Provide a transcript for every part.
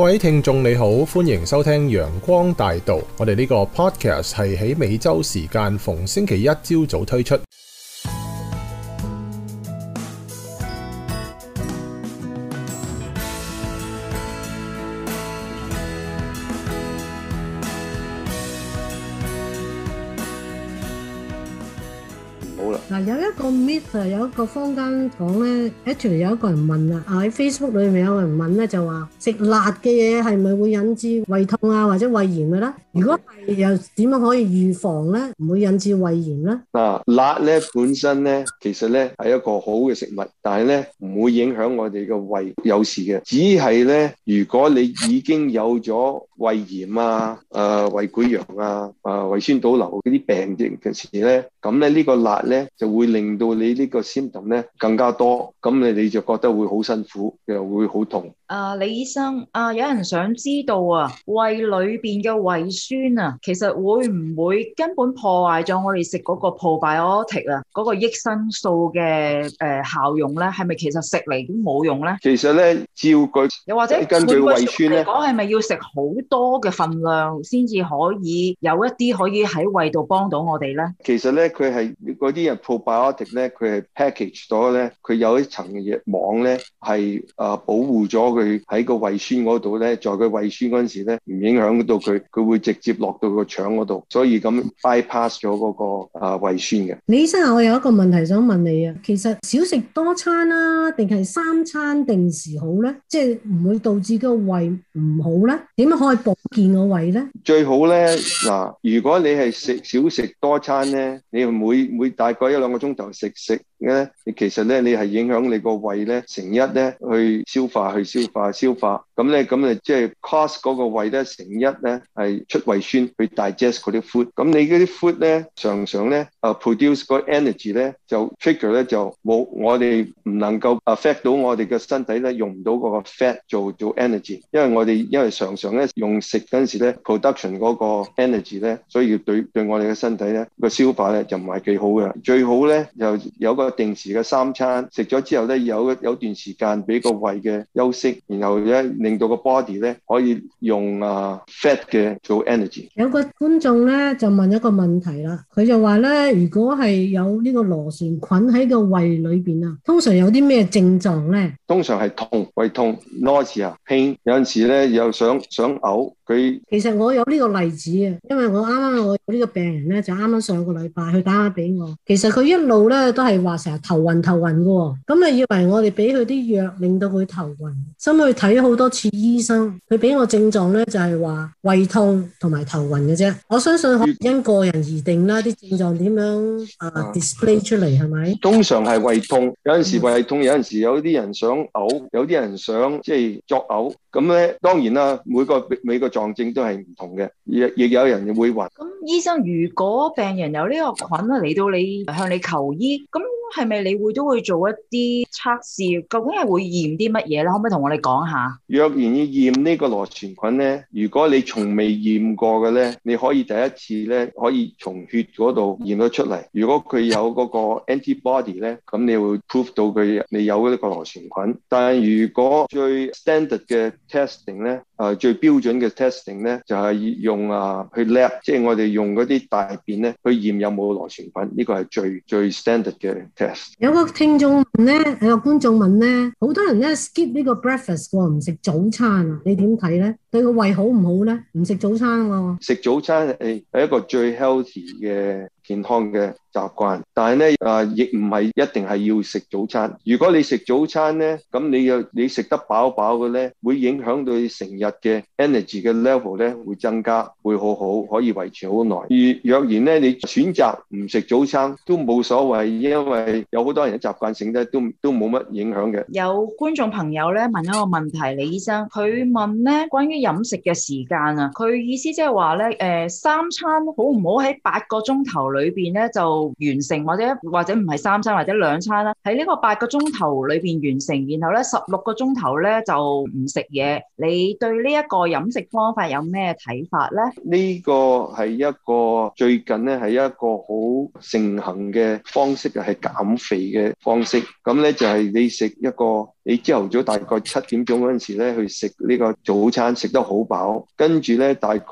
各位聽眾你好，歡迎收聽陽光大道。我哋呢個 podcast 係喺美洲時間逢星期一朝早推出。有一個 miss 有一個坊間講呢 actually 有一個人問啊，喺 Facebook 裏面有人問呢，就話食辣嘅嘢係咪會引致胃痛啊，或者胃炎噶呢？如果係又點樣可以預防咧？唔會引致胃炎咧？嗱，辣咧本身咧，其實咧係一個好嘅食物，但係咧唔會影響我哋嘅胃有事嘅。只係咧，如果你已經有咗胃炎啊、誒、呃、胃潰瘍啊、誒、呃、胃酸倒流嗰啲病症嘅時咧，咁咧呢、呢個辣咧就會令到你個呢個酸痛咧更加多，咁你你就覺得會好辛苦，又會好痛。啊、呃，李醫生，啊、呃、有人想知道啊，胃裏邊嘅胃酸啊，其實會唔會根本破壞咗我哋食嗰個 probiotic 啊嗰個益生素嘅誒、呃、效用咧？係咪其實食嚟都冇用咧？其實咧，照佢，又或者根據會會胃酸咧，我係咪要食好多嘅份量先至可以有一啲可以喺胃度幫到我哋咧？其實咧，佢係嗰啲人 probiotic 咧，佢係 package 咗咧，佢有一層嘅嘢網咧，係啊、呃、保護咗佢喺個胃酸嗰度咧，在佢胃酸嗰陣時咧，唔影響到佢，佢會。直接落到個腸嗰度，所以咁 bypass 咗嗰、那個啊胃酸嘅。李醫生，我有一個問題想問你啊，其實少食多餐啦，啊，定係三餐定時好咧？即係唔會導致個胃唔好咧？點樣可以保健個胃咧？最好咧嗱，如果你係食少食多餐咧，你每每大概一兩個鐘頭食食。咧，你其實咧，你係影響你個胃咧，成一咧去消化，去消化，消化。咁咧，咁你即係 cross 嗰個胃咧，成一咧係出胃酸去 digest 嗰啲 food。咁你嗰啲 food 咧，常常咧啊 produce 嗰 energy 咧，就 trigger 咧就冇，我哋唔能夠 affect 到我哋嘅身體咧，用唔到嗰個 fat 做做 energy。因為我哋因為常常咧用食嗰陣時咧 production 嗰個 energy 咧，所以要對，對我哋嘅身體咧、個消化咧就唔係幾好嘅。最好咧就有個。定時嘅三餐食咗之後咧，有有段時間俾個胃嘅休息，然後咧令到個 body 咧可以用啊 fat 嘅做 energy。有個觀眾咧就問一個問題啦，佢就話咧，如果係有呢個螺旋菌喺個胃裏邊啊，通常有啲咩症狀咧？通常係痛，胃痛，nausea 啊，pain，有陣時咧又想想嘔。他其實我有呢個例子啊，因為我啱啱我我呢個病人咧就啱啱上個禮拜去打下俾我，其實佢一路咧都係話成日頭暈頭暈噶、哦，咁啊以為我哋俾佢啲藥令到佢頭暈，心去睇好多次醫生，佢俾我症狀咧就係、是、話胃痛同埋頭暈嘅啫。我相信因個人而定啦，啲越症狀點樣、呃、啊 display 出嚟係咪？是通常係胃痛，有陣時胃痛，有陣時有啲人想嘔，有啲人想即係作嘔，咁咧當然啦，每個每個作症都係唔同嘅，亦亦有人會話。咁醫生，如果病人有呢個菌啊，嚟到你向你求醫，咁。係咪你會都會做一啲測試？究竟係會驗啲乜嘢咧？可唔可以同我哋講下？若然要驗呢個螺旋菌咧，如果你從未驗過嘅咧，你可以第一次咧可以從血嗰度驗咗出嚟。如果佢有嗰個 antibody 咧，咁你會 prove 到佢你有呢啲個螺旋菌。但係如果最 standard 嘅 testing 咧，誒、呃、最標準嘅 testing 咧，就係、是、用啊去 lab，即係我哋用嗰啲大便咧去驗有冇螺旋菌，呢、這個係最最 standard 嘅。有個聽眾問咧，有個觀眾問咧，好多人咧 skip 呢個 breakfast 喎，唔食早餐啊，你點睇咧？對個胃好唔好咧？唔食早餐喎、哦，食早餐係係一個最 healthy 嘅健康嘅習慣，但係咧誒，亦唔係一定係要食早餐。如果你食早餐咧，咁你又你食得飽飽嘅咧，會影響到你成日嘅 energy 嘅 level 咧，會增加，會好好，可以維持好耐。而若然咧，你選擇唔食早餐都冇所謂，因為有好多人嘅習慣性咧，都都冇乜影響嘅。有觀眾朋友咧問一個問題，李醫生，佢問咧關於飲食嘅時間啊，佢意思即係話咧，誒，三餐好唔好喺八個鐘頭裏邊咧就？完成或者不是或者唔係三餐或者兩餐啦，喺呢個八個鐘頭裏邊完成，然後咧十六個鐘頭咧就唔食嘢。你對呢一個飲食方法有咩睇法咧？呢個係一個最近咧係一個好盛行嘅方式，就係減肥嘅方式。咁咧就係你食一個。你朝頭早大概七點鐘嗰陣時咧，去食呢個早餐，食得好飽，跟住咧大概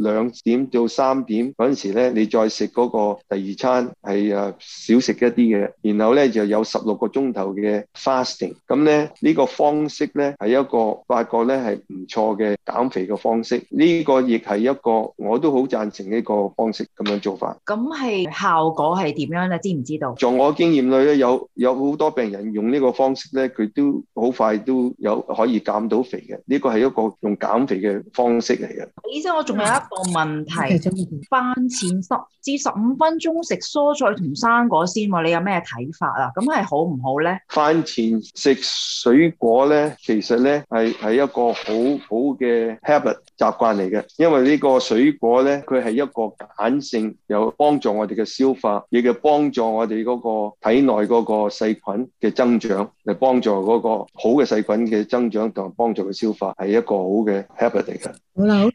兩點到三點嗰陣時咧，你再食嗰個第二餐係誒少食一啲嘅，然後咧就有十六個鐘頭嘅 fasting，咁咧呢個方式咧係一個發覺咧係唔錯嘅減肥嘅方式，呢個亦係一個我都好贊成呢個方式咁樣做法。咁係效果係點樣咧？知唔知道？在我經驗裏咧，有有好多病人用呢個方式咧，佢都。好快都有可以減到肥嘅，呢個係一個用減肥嘅方式嚟嘅。醫生，我仲有一個問題，飯 前十至十五分鐘食蔬菜同生果先，你有咩睇法啊？咁係好唔好咧？飯前食水果咧，其實咧係係一個好好嘅 habit 習慣嚟嘅，因為呢個水果咧，佢係一個鹼性，有幫助我哋嘅消化，亦嘅幫助我哋嗰個體內嗰個細菌嘅增長，嚟幫助嗰、那個。嗰個好嘅細菌嘅增長同幫助佢消化係一個好嘅 habitat。好啦，好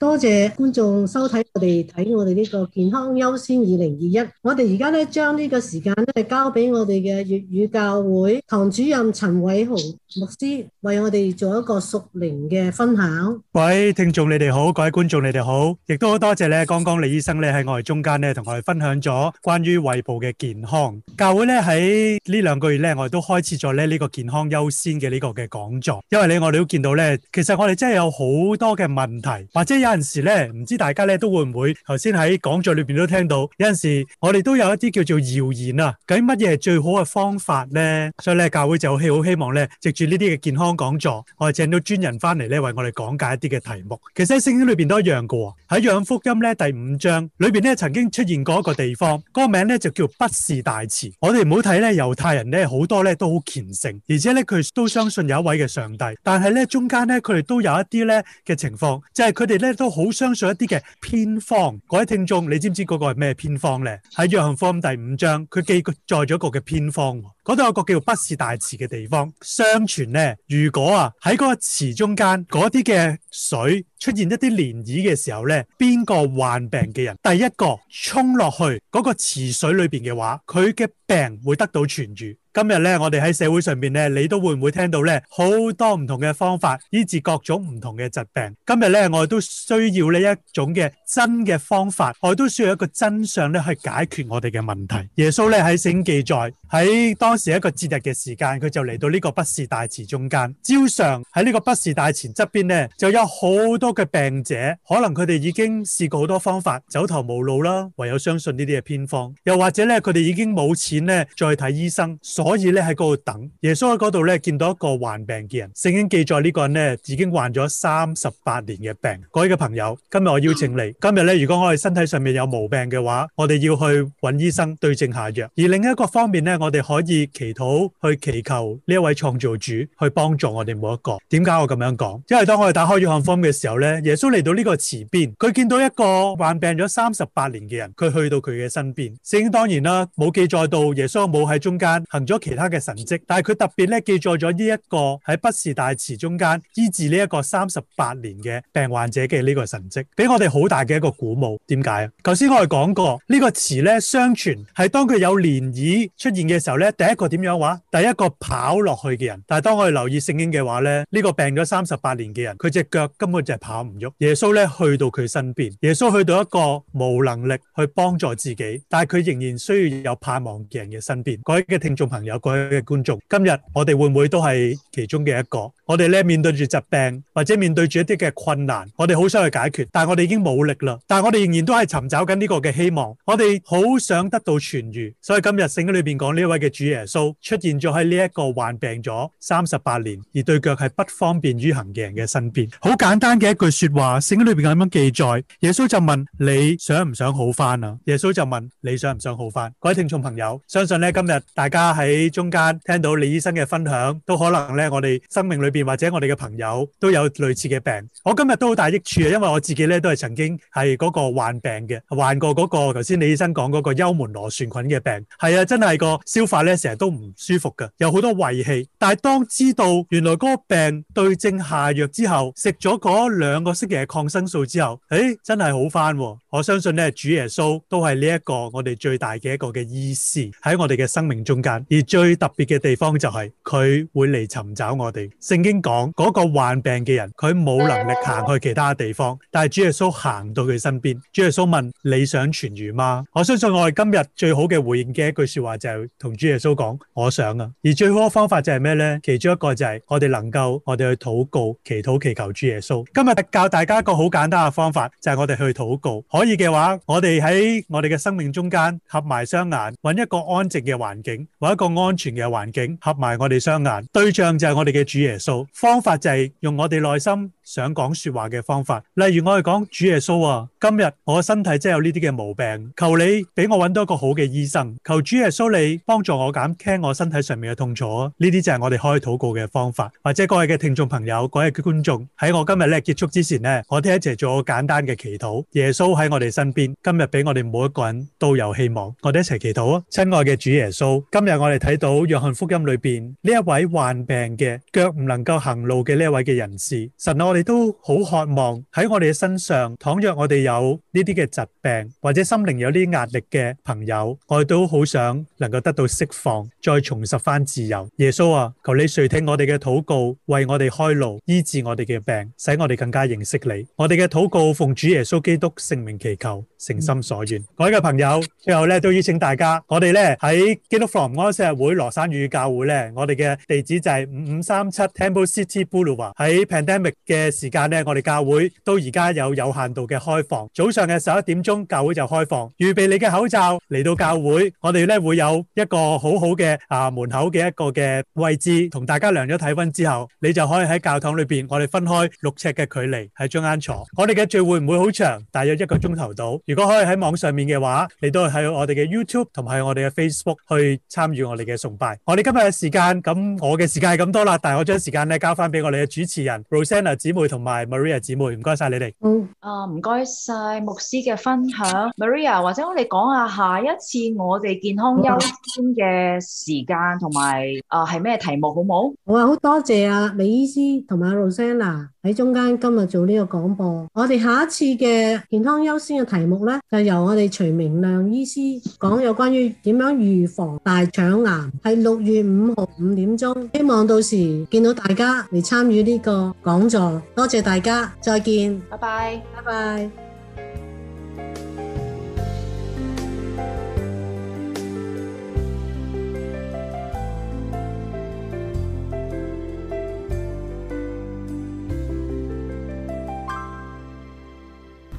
多謝觀眾收睇我哋睇我哋呢個健康優先二零二一。我哋而家咧將呢個時間咧交俾我哋嘅粵語教會堂主任陳偉雄牧師，為我哋做一個屬靈嘅分享。各位聽眾你哋好，各位觀眾你哋好，亦都好多謝咧剛剛李醫生咧喺我哋中間咧同我哋分享咗關於胃部嘅健康。教會咧喺呢兩個月咧，我哋都開始咗咧呢個健健康優先嘅呢個嘅講座，因為你我哋都見到呢，其實我哋真係有好多嘅問題，或者有陣時呢唔知大家呢都會唔會頭先喺講座裏邊都聽到，有陣時我哋都有一啲叫做謠言啊，究竟乜嘢係最好嘅方法呢？所以呢，教會就好希好希望呢，藉住呢啲嘅健康講座，我哋請到專人翻嚟呢，為我哋講解一啲嘅題目。其實喺聖經裏邊都一樣噶，喺《約翰福音》呢第五章裏邊呢曾經出現過一個地方，嗰個名呢就叫畢士大池。我哋唔好睇呢，猶太人呢好多呢都好虔誠。而且咧，佢都相信有一位嘅上帝，但係咧，中間咧，佢哋都有一啲咧嘅情況，就係佢哋咧都好相信一啲嘅偏方。各位聽眾，你知唔知嗰個係咩偏方咧？喺約翰福音第五章，佢記載咗一個嘅偏方，嗰度有個叫畢士大池嘅地方。相傳咧，如果啊喺嗰個池中間嗰啲嘅水出現一啲漣漪嘅時候咧，邊個患病嘅人第一個衝落去嗰個池水裏邊嘅話，佢嘅病會得到痊愈。今日咧，我哋喺社會上面咧，你都會唔會聽到咧好多唔同嘅方法醫治各種唔同嘅疾病？今日咧，我哋都需要呢一種嘅真嘅方法，我哋都需要一個真相咧去解決我哋嘅問題。耶穌咧喺聖經記載，喺當時一個節日嘅時間，佢就嚟到呢個畢士大池中間。早上喺呢個畢士大池側邊咧，就有好多嘅病者，可能佢哋已經試過好多方法，走投無路啦，唯有相信呢啲嘅偏方，又或者咧佢哋已經冇錢咧再去睇醫生。可以咧喺嗰度等。耶穌喺嗰度咧見到一個患病嘅人。聖經記載呢個人咧已經患咗三十八年嘅病。各位嘅朋友，今日我邀請你。今日咧，如果我哋身體上面有毛病嘅話，我哋要去揾醫生對症下藥。而另一個方面咧，我哋可以祈禱去祈求呢一位創造主去幫助我哋每一個。點解我咁樣講？因為當我哋打開約翰福音嘅時候咧，耶穌嚟到呢個池邊，佢見到一個患病咗三十八年嘅人，佢去到佢嘅身邊。聖經當然啦，冇記載到耶穌冇喺中間行咗其他嘅神蹟，但係佢特別咧記載咗呢一個喺不是大池中間醫治呢一個三十八年嘅病患者嘅呢個神蹟，俾我哋好大嘅一個鼓舞。點解啊？頭先我哋講過呢個池咧相傳係當佢有漣漪出現嘅時候咧，第一個點樣話？第一個跑落去嘅人。但係當我哋留意聖經嘅話咧，呢個病咗三十八年嘅人，佢隻腳根本就係跑唔喐。耶穌咧去到佢身邊，耶穌去到一個冇能力去幫助自己，但係佢仍然需要有盼望嘅人嘅身邊。各位嘅聽眾朋，各位觀眾，今日我哋會不會都係其中嘅一個？我哋咧面對住疾病或者面對住一啲嘅困難，我哋好想去解決，但係我哋已經冇力啦。但係我哋仍然都係尋找緊呢個嘅希望，我哋好想得到痊愈。所以今日聖經裏邊講呢一位嘅主耶穌出現咗喺呢一個患病咗三十八年而對腳係不方便於行嘅人嘅身邊。好簡單嘅一句説話，聖經裏邊咁樣記載，耶穌就問你想唔想好返啊？耶穌就問你想唔想好返？各位聽眾朋友，相信咧今日大家喺中間聽到李醫生嘅分享，都可能咧我哋生命裏邊。或者我哋嘅朋友都有類似嘅病，我今日都好大益處啊！因為我自己咧都係曾經係嗰個患病嘅，患過嗰個頭先李醫生講嗰個幽門螺旋菌嘅病，係啊，真係個消化咧成日都唔舒服噶，有好多胃氣。但係當知道原來嗰個病對症下藥之後，食咗嗰兩個星期嘅抗生素之後，誒，真係好翻。我相信咧主耶穌都係呢一個我哋最大嘅一個嘅醫師喺我哋嘅生命中間，而最特別嘅地方就係佢會嚟尋找我哋。聖經。曾經講嗰個患病嘅人佢冇能力行去其他地方，但係主耶穌行到佢身邊。主耶穌問：你想痊愈嗎？我相信我哋今日最好嘅回應嘅一句說話就係同主耶穌講：我想啊。而最好嘅方法就係咩呢？其中一個就係我哋能夠我哋去禱告、祈禱、祈求主耶穌。今日教大家一個好簡單嘅方法，就係我哋去禱告。可以嘅話，我哋喺我哋嘅生命中間合埋雙眼，揾一個安靜嘅環境，揾一個安全嘅環境，合埋我哋雙眼，對象就係我哋嘅主耶穌。方法就係用我哋內心想講說話嘅方法，例如我哋講主耶穌啊，今日我身體真係有呢啲嘅毛病，求你俾我搵到一個好嘅醫生，求主耶穌你幫助我減輕我身體上面嘅痛楚，呢啲就係我哋可以禱告嘅方法。或者各位嘅聽眾朋友、各位嘅觀眾，喺我今日咧結束之前呢，我哋一齊做簡單嘅祈禱。耶穌喺我哋身邊，今日俾我哋每一個人都有希望，我哋一齊祈禱啊！親愛嘅主耶穌，今日我哋睇到約翰福音裏邊呢一位患病嘅腳唔能夠。行路嘅呢一位嘅人士，神啊，我哋都好渴望喺我哋嘅身上。倘若我哋有呢啲嘅疾病或者心靈有啲壓力嘅朋友，我哋都好想能夠得到釋放，再重拾翻自由。耶穌啊，求你垂聽我哋嘅禱告，為我哋開路，醫治我哋嘅病，使我哋更加認識你。我哋嘅禱告奉主耶穌基督聖名祈求，誠心所願。嗯、各位嘅朋友，最後咧都邀請大家，我哋咧喺基督房安息日會羅山語教會咧，我哋嘅地址就係五五三七 Temple City Boulevard，喺 pandemic 嘅時間咧，我哋教會都而家有有限度嘅開放。早上嘅十一點鐘，教會就開放。預備你嘅口罩嚟到教會，我哋咧會有一個好好嘅啊門口嘅一個嘅位置，同大家量咗體溫之後，你就可以喺教堂裏邊，我哋分開六尺嘅距離喺中間坐。我哋嘅聚會唔會好長，大約一個鐘頭到。如果可以喺網上面嘅話，你都係喺我哋嘅 YouTube 同埋我哋嘅 Facebook 去參與我哋嘅崇拜。我哋今日嘅時間咁，我嘅時間係咁多啦，但係我將時間。咁咧，交翻俾我哋嘅主持人 Rosanna 姊妹同埋 Maria 姊妹，唔該晒你哋。嗯，啊唔該晒牧師嘅分享，Maria 或者我哋講下下一次我哋健康優先嘅時間同埋啊係咩題目好冇？我啊，好多謝啊李醫師同埋 Rosanna。喺中間今日做呢個廣播，我哋下一次嘅健康優先嘅題目呢，就由我哋徐明亮醫師講有關於點樣預防大腸癌，係六月五號五點鐘，希望到時見到大家嚟參與呢個講座，多謝大家，再見，拜拜，拜拜。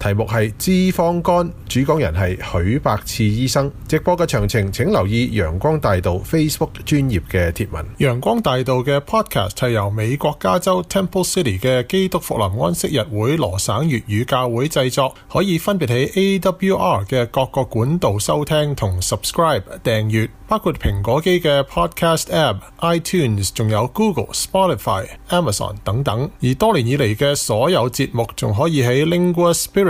題目係脂肪肝，主講人係許百次醫生。直播嘅詳情請留意陽光大道 Facebook 專業嘅貼文。陽光大道嘅 Podcast 係由美國加州 Temple City 嘅基督復臨安息日會羅省粵語教會製作，可以分別喺 AWR 嘅各個管道收聽同 subscribe 訂閱，包括蘋果機嘅 Podcast App、iTunes，仲有 Google、Spotify、Amazon 等等。而多年以嚟嘅所有節目仲可以喺 Lingua Spirit。